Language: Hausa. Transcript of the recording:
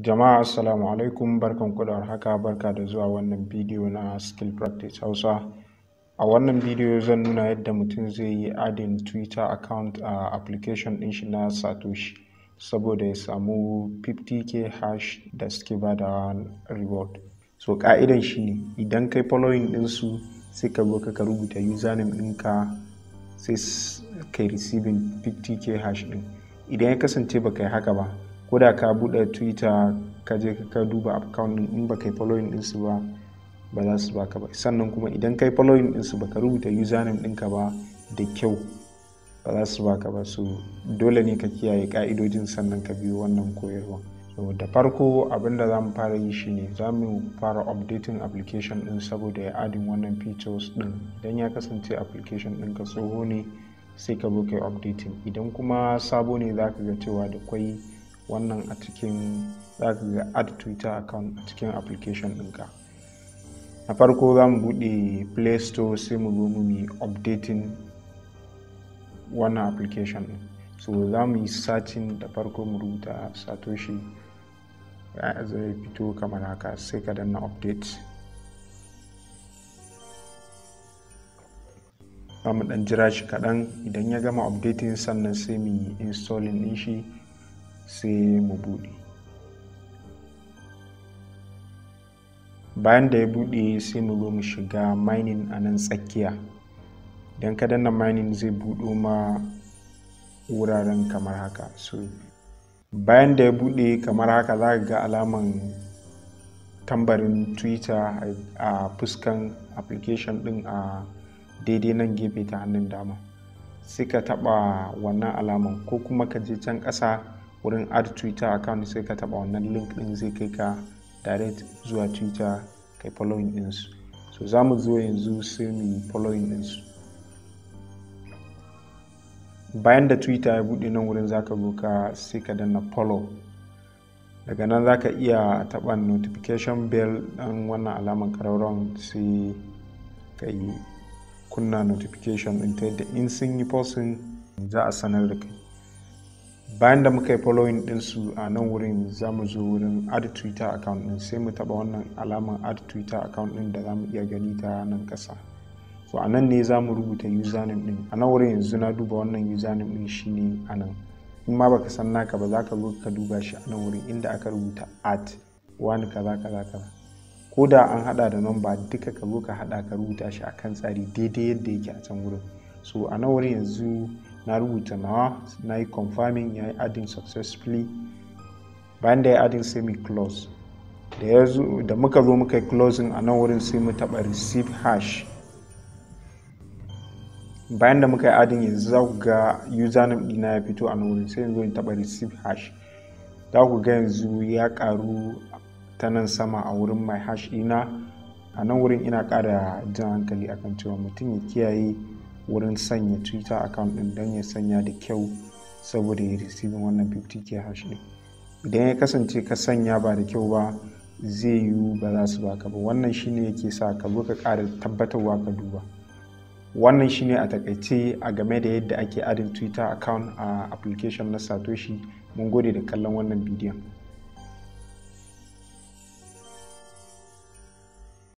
Jama'a assalamu alaikum barkanku da haka barka da zuwa wannan bidiyo na skill practice Hausa. A wannan bidiyo zan nuna yadda mutum zai yi adin Twitter account a uh, application ɗin shi na Satoshi saboda ya samu 50k hash da suke bada reward. So ka'idan shi ne idan kai following ɗinsu sai ka rubuta ka rubuta username ka sai kai receiving 50k hash din Idan ya kasance baka yi haka ba ko da ka buɗe twitter ka je ka duba account din in baka yi following ɗinsu ba ba za su baka ba sannan kuma idan kai following ɗinsu baka rubuta username ɗinka ba da kyau ba za su baka ba su dole ne ka kiyaye ka'idojin sannan ka biyo wannan koyarwa so da farko abin da za mu fara yi shine za mu fara updating application din saboda ya adin wannan features din idan ya kasance application ka tsoho ne sai ka zo kai updating idan kuma sabo ne zaka ga cewa da kwai wannan a cikin za ga add twitter account a cikin application ɗinka na farko za mu buɗe play store sai mu zo mu yi updating wannan application ɗin so za mu yi searching da farko mu rubuta satoshi zai fito kamar haka sai ka danna update za mu ɗan jira shi kaɗan idan ya gama updating sannan sai mu yi installing ɗin shi sai mu buɗe bayan da ya buɗe sai mu zo mu shiga mining a nan tsakiya don kadan na mining zai buɗo ma wuraren kamar haka so bayan da ya buɗe kamar haka za ga alaman tambarin twitter a fuskan application ɗin a daidai nan gefe ta hannun dama sai ka taɓa wannan alaman ko kuma ka je can ƙasa wurin add twitter account sai ka taba wannan link din zai kai ka direct zuwa twitter kai following ins so za mu zo yanzu sai mu following din bayan da twitter ya buɗe nan wurin zaka zo ka sai ka danna follow daga nan za ka iya taɓa notification bell ɗan wannan alamar ƙararrawan sai ka yi kunna notification ɗin ta yadda in sun yi posting za a sanar da kai bayan da muka yi following ɗinsu a nan wurin za mu zo wurin add twitter account ɗin sai mu taba wannan alamar add twitter account ɗin da za mu iya gani ta nan kasa so a nan ne za mu rubuta username ɗin a nan wurin yanzu na duba wannan username ɗin shine a nan in ma baka san naka ba za ka zo ka duba shi a nan wurin inda aka rubuta at wani kaza kaza kaza ko da an hada da number duka ka zo ka hada ka rubuta shi a kan tsari daidai yadda yake a can wurin so a nan wurin yanzu na rubuta nawa na yi confirming ya yi adding successfully bayan da ya adding semi close da ya zo da muka zo muka yi closing a nan wurin sai mu taɓa receive hash bayan da muka yi adding yanzu za ku ga username ɗina ya fito a nan wurin sai yanzu in taɓa receive hash za ku ga yanzu ya ƙaru ta nan sama a wurin my hash ɗina a nan wurin ina ƙara jan hankali akan cewa mutum ya kiyaye wurin sanya twitter account din don ya sanya da kyau saboda ya receive wannan 50k hash din idan ya kasance ka sanya ba da kyau ba zai yiwu ba za su baka ba wannan shine yake sa ka zo ka ƙara tabbatarwa ka duba wannan shine a takaice a game da yadda ake adin twitter account a application na satoshi mun gode da kallon wannan bidiyon